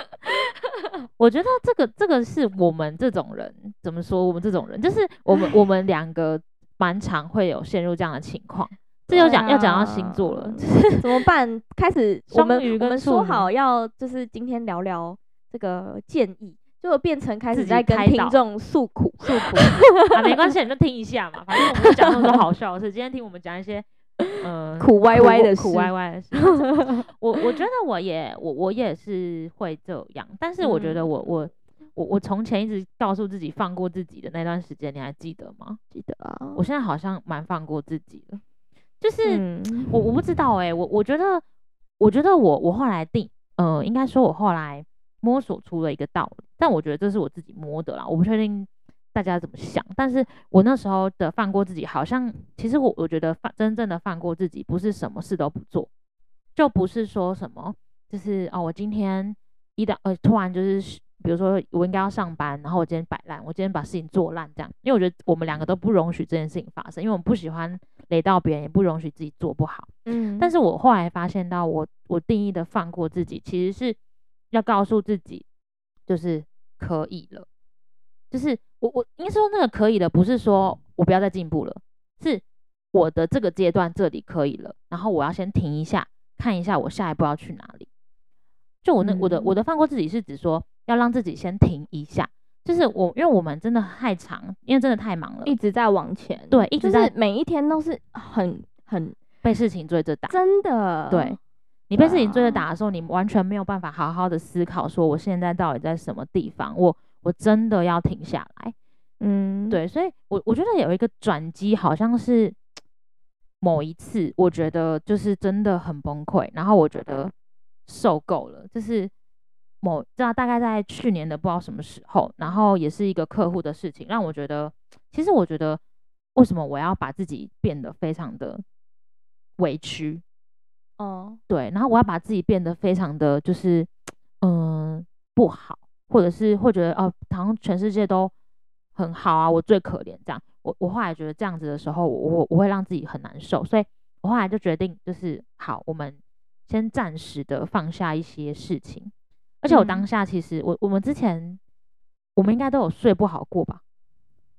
我覺得這個這個是我們這種人怎麼說？我們這種人就是我們 我們兩個蠻常會有陷入這樣的情況。這就講要講到星座了，怎麼辦？開始我們我們說好要就是今天聊聊這個建議，就變成開始在跟聽眾訴苦訴苦 啊，沒關係，你就聽一下嘛， 反正我們講那麼多好笑的事，今天聽我們講一些。嗯、呃，苦歪歪的事，苦，苦歪歪的時候，我我覺得我也我我也是會這樣，但是我覺得我、嗯、我我我從前一直告訴自己放過自己的那段時間，你還記得嗎？記得啊，我現在好像蠻放過自己的，就是、嗯、我我不知道哎、欸，我我覺，我覺得我覺得我我後來定，呃，應該說我後來摸索出了一個道理，但我覺得這是我自己摸的啦，我不確定。大家怎麼想？但是我那時候的放過自己，好像其實我我覺得放真正的放過自己，不是什麼事都不做，就不是說什麼，就是哦，我今天一到呃，突然就是比如說我應該要上班，然後我今天擺爛，我今天把事情做爛這樣。因為我覺得我們兩個都不容許這件事情發生，因為我們不喜歡雷到別人，也不容許自己做不好。嗯，嗯。但是我後來發現到我，我我定義的放過自己，其實是要告訴自己，就是可以了，就是。我我應該說那個可以的，不是說我不要再進步了，是我的這個階段這裡可以了，然後我要先停一下，看一下我下一步要去哪裡。就我那、嗯、我的我的放過自己是指說要讓自己先停一下，就是我因為我們真的太長，因為真的太忙了，一直在往前，對，一直在、就是、每一天都是很很被事情追着打，真的對。你被事情追着打的時候，你完全沒有辦法好好的思考說我現在到底在什麼地方，我。我真的要停下來，嗯，對，所以我，我我覺得有一個轉機，好像是某一次，我覺得就是真的很崩潰，然後我覺得受夠了，就是某大概在去年的不知道什麼時候，然後也是一個客戶的事情，讓我覺得，其實我覺得，為什麼我要把自己變得非常的委屈，哦，對，然後我要把自己變得非常的就是，嗯，不好。或者是會覺得哦，好像全世界都很好啊，我最可憐這樣。我我後來覺得這樣子的時候，我我，我會讓自己很難受，所以我後來就決定，就是好，我們先暫時的放下一些事情。而且我當下其實，嗯，我我們之前，我們應該都有睡不好過吧？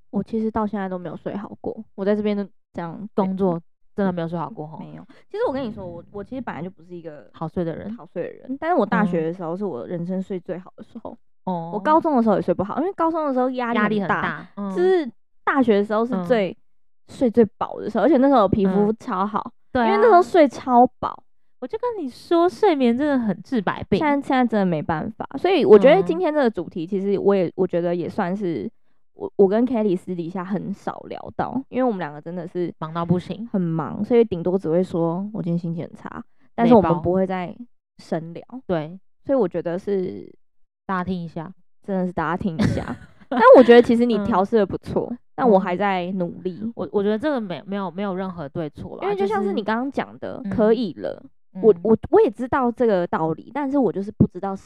我其實到現在都沒有睡好過，我在這邊的這樣工作。真的沒有睡好過，沒有。其實我跟你說，我我其實本來就不是一個好睡的人，好睡的人。但是我大學的時候是我人生睡最好的時候。哦、嗯，我高中的時候也睡不好，因為高中的時候壓力很大、壓力很大、嗯。就是大學的時候是最、嗯、睡最飽的時候，而且那時候皮膚超好，對、嗯，因為那時候睡超飽、嗯。我就跟你說，睡眠真的很治百病。現在現在真的沒辦法，所以我覺得今天這個主題，其實我也我覺得也算是。我我跟 Kelly 私底下很少聊到，因為我們兩個真的是忙，忙到不行，很忙，所以頂多只會說我今天心情很差，但是我們不會再深聊。對，所以我覺得是大家聽一下，真的是大家聽一下。 但我覺得其實你調試得不錯、 嗯，但我還在努力。嗯、我我覺得這個沒沒有沒有任何對錯啦，因為就像是你剛剛講的、嗯，可以了。嗯、我我我也知道這個道理，但是我就是不知道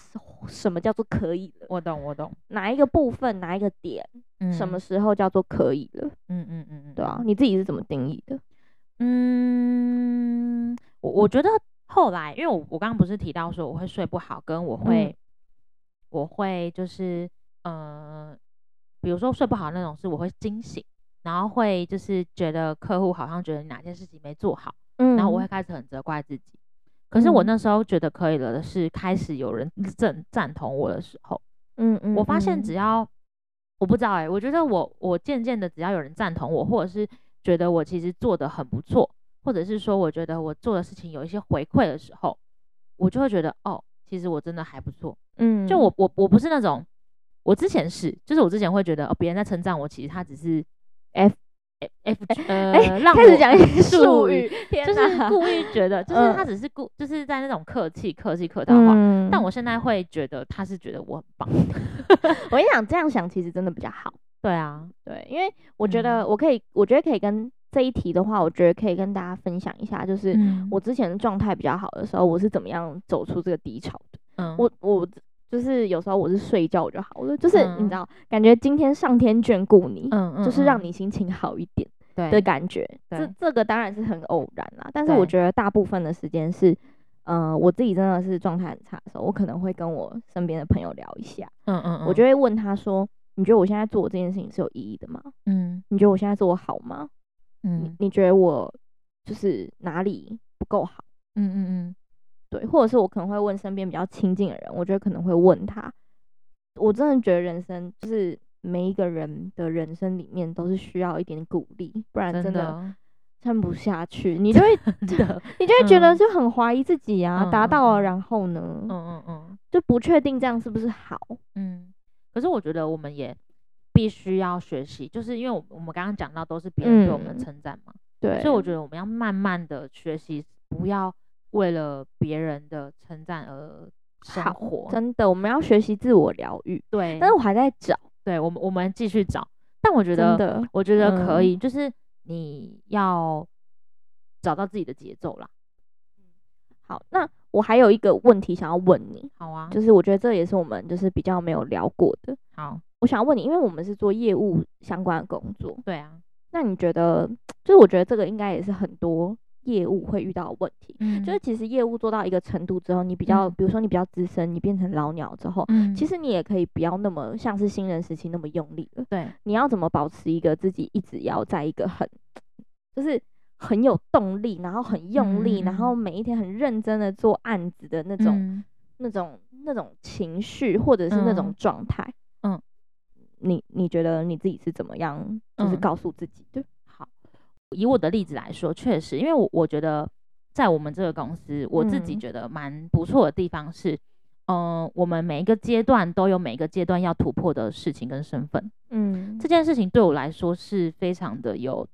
什麼叫做可以了。我懂，我懂。哪一個部分，哪一個點，嗯、什麼時候叫做可以了？嗯嗯嗯，對啊，你自己是怎麼定義的？嗯，我我覺得後來，因為我我剛剛不是提到說我會睡不好，跟我會、嗯、我會就是嗯、呃，比如說睡不好那種事，我會驚醒，然後會就是覺得客戶好像覺得哪件事情沒做好，嗯，然後我會開始很責怪自己。可是我那時候覺得可以了的，嗯、是開始有人正讚、嗯、同我的時候，嗯嗯，我發現只要、嗯、我不知道哎，欸，我覺得我我漸漸的只要有人贊同我，或者是覺得我其實做得很不錯，或者是說我覺得我做的事情有一些回饋的時候，我就會覺得哦，其實我真的還不錯，嗯，就我我我不是那種我之前是，就是我之前會覺得哦，別人在稱讚我，其實他只是 f f、欸、呃、欸，讓我開始講一些術語，語，就是故意覺得，就是他只是故、呃，就是在那種客氣、客氣、客套的話、嗯。但我現在會覺得他是覺得我很棒。嗯、 我跟你講，這樣想其實真的比較好。對啊，對，因為我覺得我可以，嗯、我覺得可以跟這一題的話，我覺得可以跟大家分享一下，就是、嗯、我之前狀態比較好的時候，我是怎麼樣走出這個低潮的。嗯，我我。就是有時候我是睡覺就好了。就是你知道，嗯、感覺今天上天眷顧你，嗯嗯嗯，就是讓你心情好一點的感覺。這這個當然是很偶然啦，但是我覺得大部分的時間是，呃，我自己真的是狀態很差的時候，我可能會跟我身邊的朋友聊一下，嗯嗯，嗯，我就會問他說，你覺得我現在做這件事情是有意義的嗎？嗯，你覺得我現在做我好嗎？嗯你，你覺得我就是哪裡不夠好？嗯嗯嗯。對，或者是我可能會問身邊比較親近的人，我覺得可能會問他。我真的覺得人生就是每一個人的人生裡面都是需要一點點鼓勵，不然真的撐不下去。你就會，你就會覺得就很懷疑自己啊，嗯、達到了，然後呢？嗯嗯嗯，嗯，就不確定這樣是不是好。嗯，可是我覺得我們也必須要學習，就是因為我我們剛剛講到都是別人對我們的稱讚嘛、嗯，對，所以我覺得我們要慢慢的學習，不要。為了別人的稱讚而生活，真的，我們要學習自我療癒。對，但是我還在找，對，我們我們繼續找。但我覺得，真的我覺得可以，嗯，就是你要找到自己的節奏啦。好，那我還有一個問題想要問你，好啊，就是我覺得這也是我們就是比較沒有聊過的。好，我想要問你，因為我們是做業務相關的工作，對啊，那你覺得，就是我覺得這個應該也是很多。業務會遇到問題，嗯，就是其實業務做到一個程度之後，你比較，嗯，比如說你比較資深，你變成老鳥之後，嗯，其實你也可以不要那麼像是新人時期那麼用力了。對，你要怎麼保持一個自己一直要在一個很，就是很有動力，然後很用力，嗯，然後每一天很認真的做案子的那種、嗯、那種、那種情緒，或者是那種狀態，嗯。嗯，你你覺得你自己是怎麼樣？就是告訴自己。嗯對。以我的例子來說，確實，因為我我覺得在我們這個公司，我自己覺得蠻不錯的地方是，嗯，呃、我們每一個階段都有每一個階段要突破的事情跟身份。嗯，這件事情對我來說是非常的有，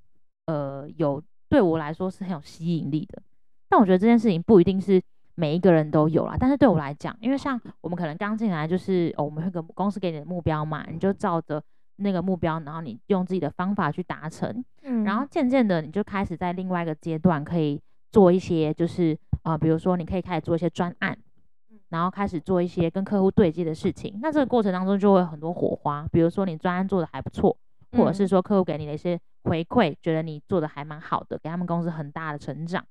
呃，有對我來說是很有吸引力的。但我覺得這件事情不一定是每一個人都有啦，但是對我來講，因為像我們可能剛進來就是，哦、我們會公司給你的目標嘛，你就照着。那個目標，然後你用自己的方法去達成，嗯，然後漸漸的你就開始在另外一個階段可以做一些，就是啊、呃，比如說你可以開始做一些專案，嗯，然後開始做一些跟客戶對接的事情。那這個過程當中就會有很多火花，比如說你專案做得還不錯，或者是說客戶給你的一些回饋、嗯，覺得你做得還蠻好的，給他們公司很大的成長。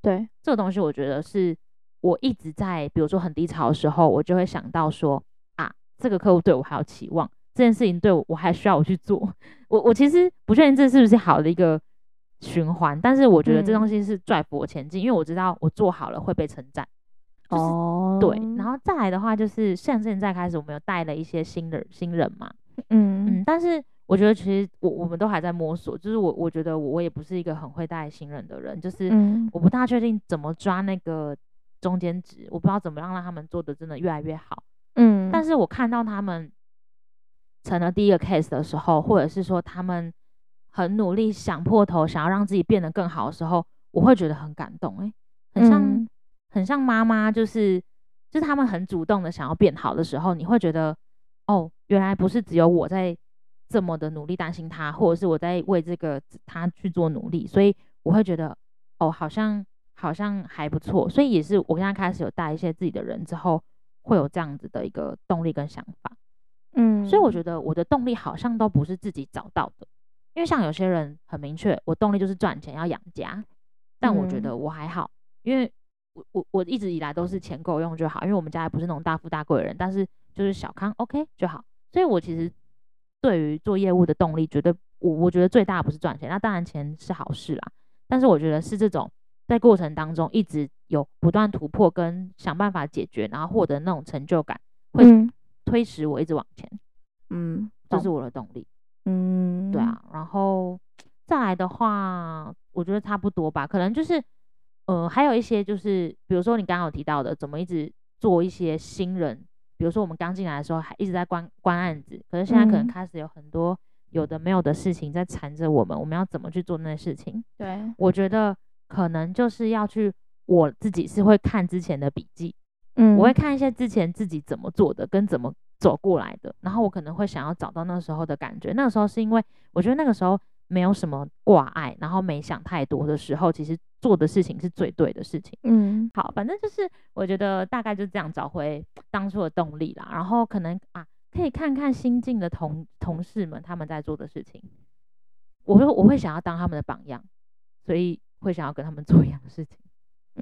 對，這個東西我覺得是我一直在，比如說很低潮的時候，我就會想到說啊，這個客戶對我還有期望。這件事情對我，我還需要我去做。我我其實不確定這是不是好的一個循環，但是我覺得這東西是拽著我前進、嗯，因為我知道我做好了會被稱讚。就是、哦，對。然後再來的話，就是像現在開始，我們有帶了一些新人新人嘛，嗯嗯。但是我覺得其實我我們都還在摸索，就是我我覺得我也不是一個很會帶新人的人，就是我不大確定怎麼抓那個中間值，我不知道怎麼樣讓他們做的真的越來越好。嗯，但是我看到他們。成了第一個 case 的時候，或者是說他們很努力想破頭，想要讓自己變得更好的時候，我會覺得很感動欸。誒，很像，嗯，很像媽媽，就是就是他們很主動的想要變好的時候，你會覺得哦，原來不是只有我在這麼的努力擔心他，或者是我在為這個他去做努力，所以我會覺得哦，好像好像還不錯。所以也是我現在開始有帶一些自己的人之後，會有這樣子的一個動力跟想法。嗯，所以我覺得我的動力好像都不是自己找到的，因為像有些人很明確，我動力就是賺錢要養家，但我覺得我還好，因為我我我一直以來都是錢夠用就好，因為我們家也不是那種大富大貴的人，但是就是小康 OK 就好，所以我其實對於做業務的動力，絕對我我覺得最大的不是賺錢，那當然錢是好事啦，但是我覺得是這種在過程當中一直有不斷突破跟想辦法解決，然後獲得那種成就感會、嗯。推使我一直往前，嗯，這，就是我的動力，嗯，對啊，然後再來的話，我覺得差不多吧，可能就是，呃，還有一些就是，比如說你剛剛有提到的，怎麼一直做一些新人，比如說我們剛進來的時候還一直在關關案子，可是現在可能開始有很多有的沒有的事情在纏着我們，嗯，我們要怎麼去做那些事情？對，我覺得可能就是要去，我自己是會看之前的筆記。嗯，我會看一下之前自己怎麼做的，跟怎麼走過來的，然後我可能會想要找到那時候的感覺。那個時候是因為我覺得那個時候沒有什麼掛礙，然後沒想太多的時候，其實做的事情是最對的事情。嗯，好，反正就是我覺得大概就這樣找回當初的動力啦。然後可能啊，可以看看新進的同同事們他們在做的事情，我會我會想要當他們的榜樣，所以會想要跟他們做一樣的事情。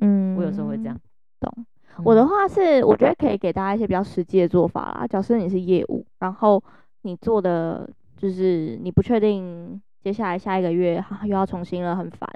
嗯，我有時候會這樣，懂。我的話是，我覺得可以給大家一些比較實際的做法啦。假設你是業務，然後你做的就是你不確定接下來下一個月又要重新了，很煩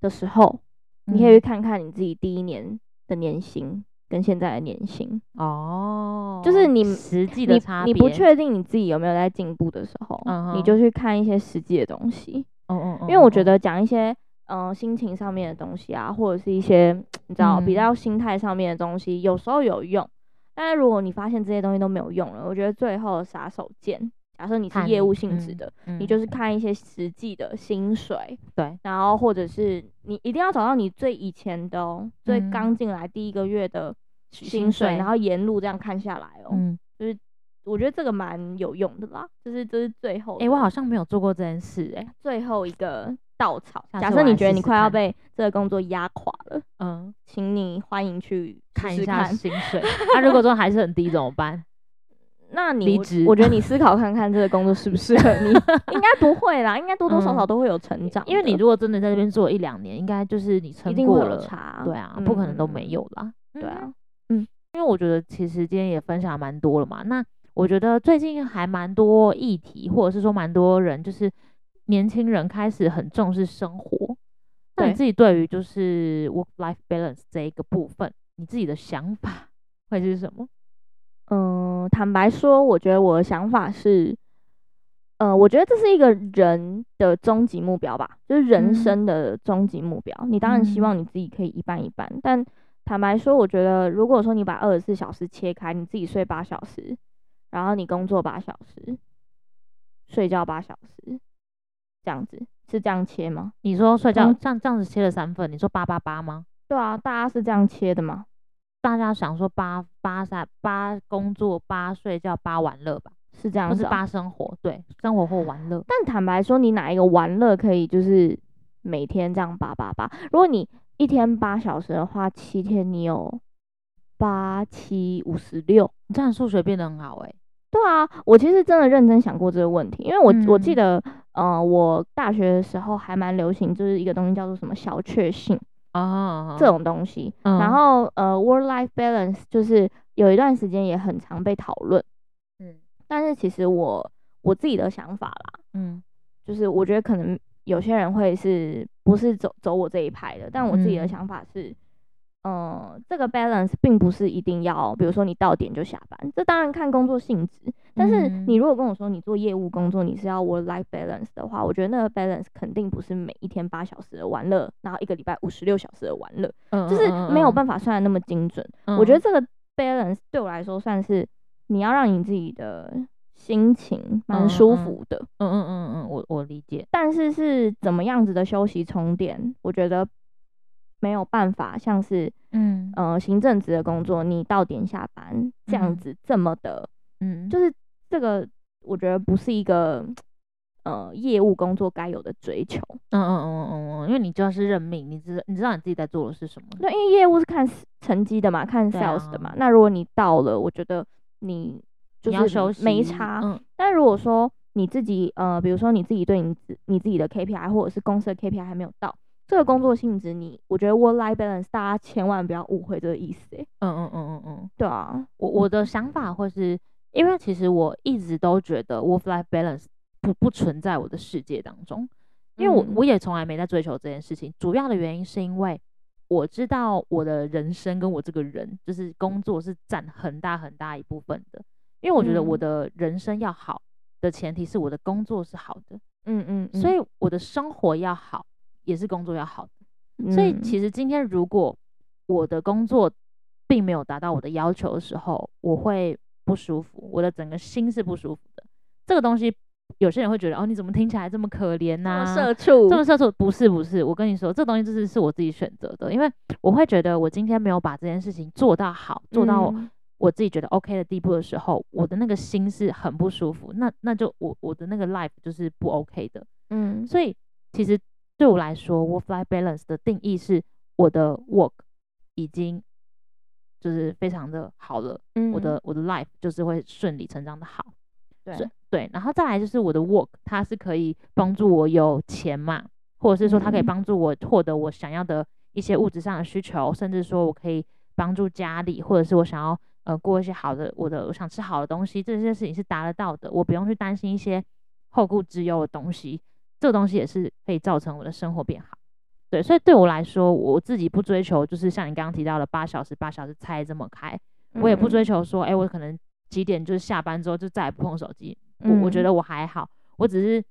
的時候，你可以去看看你自己第一年的年薪跟現在的年薪哦、嗯，就是你實際的差別你，你不確定你自己有沒有在進步的時候，uh -huh. 你就去看一些實際的東西。哦哦，因為我覺得講一些。嗯、呃，心情上面的東西啊，或者是一些你知道、嗯、比較心態上面的東西，有時候有用。但是如果你發現這些東西都沒有用了，我覺得最後的殺手鐧，假設你是業務性質的你、嗯嗯，你就是看一些實際的薪水。對，然後或者是你一定要找到你最以前的、喔嗯、最剛進來第一個月的薪水，薪水，然後沿路這樣看下來哦、喔。嗯，就是我覺得這個蠻有用的啦。就是就是最後，哎、欸，我好像沒有做過這件事哎、欸。最後一個。稻草。假設你覺得你快要被這個工作壓垮了，嗯，請你歡迎去試試看,看一下薪水。那、 啊、如果說還是很低，怎麼辦？那你離職？我覺得你思考看看這個工作適不適合你。 應該不會啦，應該多多少少都會有成長、嗯。因為你如果真的在這邊做一兩年，應該就是你成過了,一定有了差、啊。對啊，不可能都沒有啦、嗯。對啊，嗯，因為我覺得其實今天也分享蠻多了嘛。那我覺得最近還蠻多議題，或者是說蠻多人就是。年輕人開始很重視生活，那你自己對於就是 work life balance 這一個部分，你自己的想法會是什麼？嗯、呃，坦白說，我覺得我的想法是，呃，我覺得這是一個人的終極目標吧，就是人生的終極目標、嗯。你當然希望你自己可以一半一半、嗯，但坦白說，我覺得如果說你把二十四小時切開，你自己睡八小時，然後你工作八小時，睡覺八小時。這樣子是這樣切嗎？你說睡覺像、嗯、這，這樣子切了三份，你說八八八嗎？對啊，大家是這樣切的嗎？大家想說八八三八工作八睡覺八玩樂吧？是這樣子、啊，不是八生活，對，生活或玩樂。但坦白說，你哪一個玩樂可以就是每天這樣八八八？如果你一天八小時的話，七天你有八七五十六。你這樣數學變得很好哎、欸。對啊，我其實真的認真想過這個問題，因為我、嗯、我記得，呃，我大學的時候還蠻流行，就是一個東西叫做什麼小確幸啊，oh, oh, oh. 這種東西。Oh. 然後，呃 work-life balance 就是有一段時間也很常被討論。但是其實我我自己的想法啦，嗯，就是我覺得可能有些人會是不是走走我這一派的，但我自己的想法是。嗯嗯，這個 balance 並不是一定要，比如說你到點就下班，這當然看工作性質。但是你如果跟我說你做業務工作，你是要 work life balance 的話，我覺得那個 balance 肯定不是每一天八小時的玩樂，然後一個禮拜五十六小時的玩樂，就是沒有辦法算得那麼精準，嗯嗯嗯。我覺得這個 balance 對我來說算是你要讓你自己的心情蠻舒服的。嗯嗯嗯嗯，嗯，我我理解。但是是怎麼樣子的休息充電？我覺得。沒有辦法，像是嗯呃行政職的工作，你到點下班、嗯、這樣子這麼的，嗯，就是這個我覺得不是一個呃業務工作該有的追求。嗯嗯嗯嗯，嗯，因為你就是認命，你知道你知道你自己在做的是什麼？對，因為業務是看成績的嘛，看 sales 的嘛、啊。那如果你到了，我覺得你就是沒差。嗯、但如果說你自己呃，比如說你自己對你你自己的 KPI 或者是公司的 KPI 還沒有到。這個工作性質，你我覺得 work life balance，大家千萬不要誤會這個意思，欸，嗯嗯嗯嗯嗯，對啊，我我的想法會是因為其實我一直都覺得 work life balance 不不存在我的世界當中，因為我、嗯、我也從來沒在追求這件事情。主要的原因是因為我知道我的人生跟我這個人就是工作是占很大很大一部分的，因為我覺得我的人生要好的前提是我的工作是好的，嗯嗯，嗯，所以我的生活要好。也是工作要好的。嗯，所以其實今天如果我的工作並沒有達到我的要求的時候，我會不舒服，我的整個心是不舒服的。這個東西有些人會覺得，哦，你怎麼聽起來這麼可憐呢？啊哦，這麼社畜？不是不是，我跟你說，這個、東西就是是我自己選擇的，因為我會覺得我今天沒有把這件事情做到好，做到我，嗯，我自己覺得 OK 的地步的時候，我的那個心是很不舒服。那那就我我的那個 life 就是不 OK 的。嗯，所以其實。對我來說，work-life balance 的定義是，我的 work 已經就是非常的好了，嗯，我的我的 life 就是會順理成章的好，對對，然後再來就是我的 work，它是可以幫助我有錢嘛，或者是說它可以幫助我獲得我想要的一些物質上的需求，嗯，甚至說我可以幫助家裡，或者是我想要呃過一些好的，我的我想吃好的東西，這些事情是達得到的，我不用去擔心一些後顧之憂的東西。這個東西也是可以造成我的生活變好，對，所以對我來說，我自己不追求，就是像你剛剛提到的八小時八小時拆這麼開，我也不追求說，哎、嗯，我可能幾點就是下班之後就再也不碰手機，嗯、我我覺得我還好，我只是，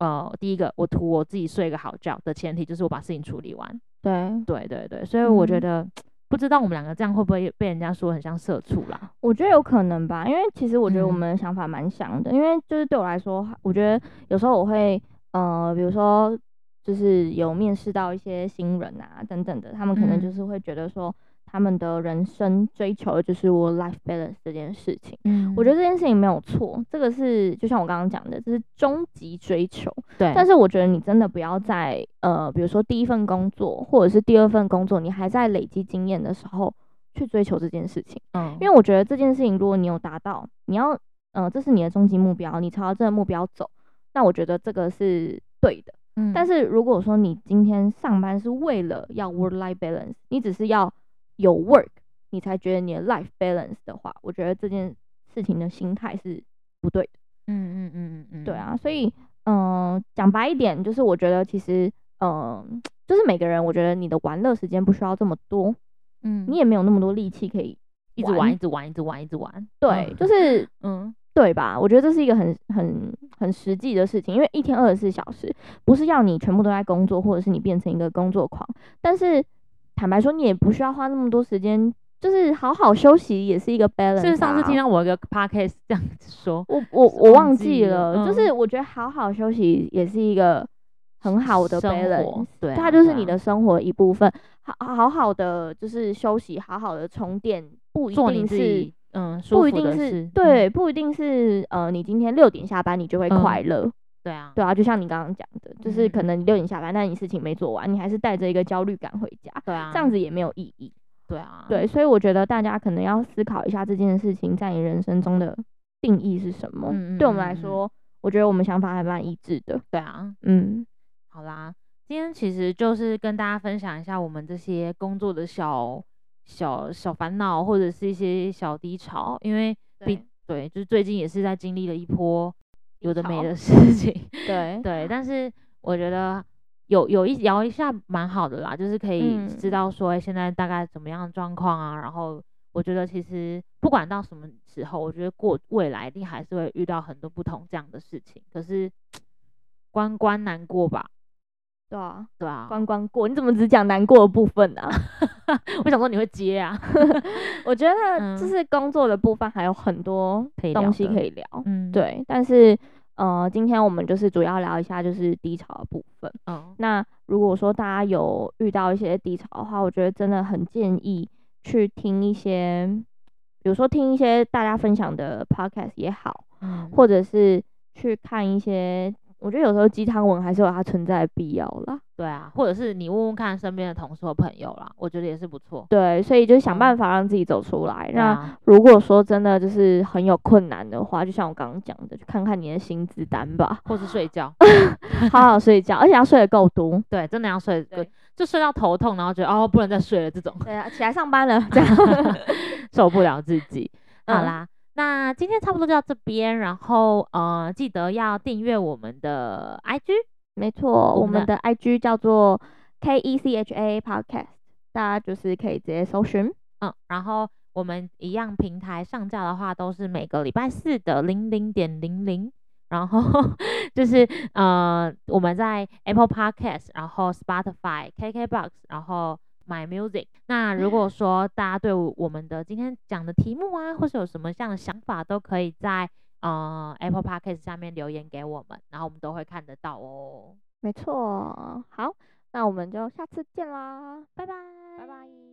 呃，第一個，我圖我自己睡個好覺的前提就是我把事情處理完，對對對對，所以我覺得、嗯、不知道我們兩個這樣會不會被人家說很像社畜啦，我覺得有可能吧，因為其實我覺得我們的想法蠻像的，嗯、因為就是對我來說，我覺得有時候我會。呃，比如說，就是有面試到一些新人啊，等等的，他們可能就是會覺得說、嗯，他們的人生追求的就是 work life balance 這件事情。嗯，我覺得這件事情沒有錯，這個是就像我剛剛講的，這、就是終極追求。對，但是我覺得你真的不要在呃，比如說第一份工作或者是第二份工作，你還在累積經驗的時候去追求這件事情。嗯，因為我覺得這件事情，如果你有達到，你要，呃這是你的終極目標，你朝到這個目標走。那我覺得這個是對的，嗯，但是如果說你今天上班是為了要 work life balance，你只是要有 work，你才覺得你的 life balance 的話，我覺得這件事情的心態是不對的，嗯嗯嗯嗯嗯，對啊，所以嗯，講、呃、白一點，就是我覺得其實，嗯、呃，就是每個人，我覺得你的玩樂時間不需要這麼多，嗯，你也沒有那麼多力氣可以一直玩，一直玩，一直玩，一直玩，對，就是嗯。對吧？我覺得這是一個很很很實際的事情，因為一天二十四小時不是要你全部都在工作，或者是你變成一個工作狂。但是坦白說，你也不需要花那麼多時間，就是好好休息，也是一個 balance。就是上次聽到我一個 podcast 這樣子說，我我我忘記了，嗯，就是我覺得好好休息也是一個很好的 balance，生活，對啊，對啊，它就是你的生活一部分。好，好好的就是休息，好好的充電，不一定是。嗯，不一定是、嗯、對，不一定是，呃，你今天六點下班你就會快樂、嗯，對啊，對啊，就像你剛剛講的、嗯，就是可能你六點下班，但你事情沒做完，嗯、你還是帶着一個焦慮感回家，對啊，這樣子也沒有意義，對啊，對，所以我覺得大家可能要思考一下這件事情在你人生中的定義是什麼。嗯、對我們來說、嗯，我覺得我們想法還蠻一致的。對啊，嗯，好啦，今天其實就是跟大家分享一下我們這些工作的小小小煩惱或者是一些小低潮，因為對對，就是最近也是在經歷了一波有的沒的事情，對對，嗯。但是我覺得有有一聊一下蠻好的啦，就是可以知道說，現在大概怎麼樣的狀況啊，嗯？然後我覺得其實不管到什麼時候，我覺得過未來一定還是會遇到很多不同這樣的事情。可是關關難過吧，對啊對啊，關關過，你怎麼只講難過的部分呢，啊？ 我想說你會接啊， 我覺得就是工作的部分還有很多東西可以聊，嗯，對。但是呃，今天我們就是主要聊一下就是低潮的部分。嗯，那如果說大家有遇到一些低潮的話，我覺得真的很建議去聽一些，比如說聽一些大家分享的 podcast 也好，或者是去看一些。我覺得有時候雞湯文還是有它存在的必要啦。對啊，或者是你問問看身邊的同事和朋友啦，我覺得也是不錯。對，所以就想辦法讓自己走出來，啊。那如果說真的就是很有困難的話，就像我剛剛講的，去看看你的薪資單吧，或是睡覺， 好好睡覺， 而且要睡得夠多。對，真的要睡對對，就睡到頭痛，然後覺得哦不能再睡了這種。對啊，起來上班了， 這樣 受不了自己。嗯、好啦。那今天差不多就到這邊，然後呃，記得要訂閱我們的 IG，沒錯，嗯，我們的 IG 叫做 K E C H A Podcast，大家就是可以直接搜尋，嗯，然後我們一樣平台上架的話，都是每個禮拜四的零零點零零，然後 就是呃，我們在 Apple Podcast，然後 Spotify，KKBox，然後。my music，那如果說大家對我們的今天講的題目啊，嗯、或是有什麼樣的想法，都可以在呃 Apple Podcast 下面留言給我們，然後我們都會看得到哦。沒錯，好，那我們就下次見啦，拜拜，拜拜。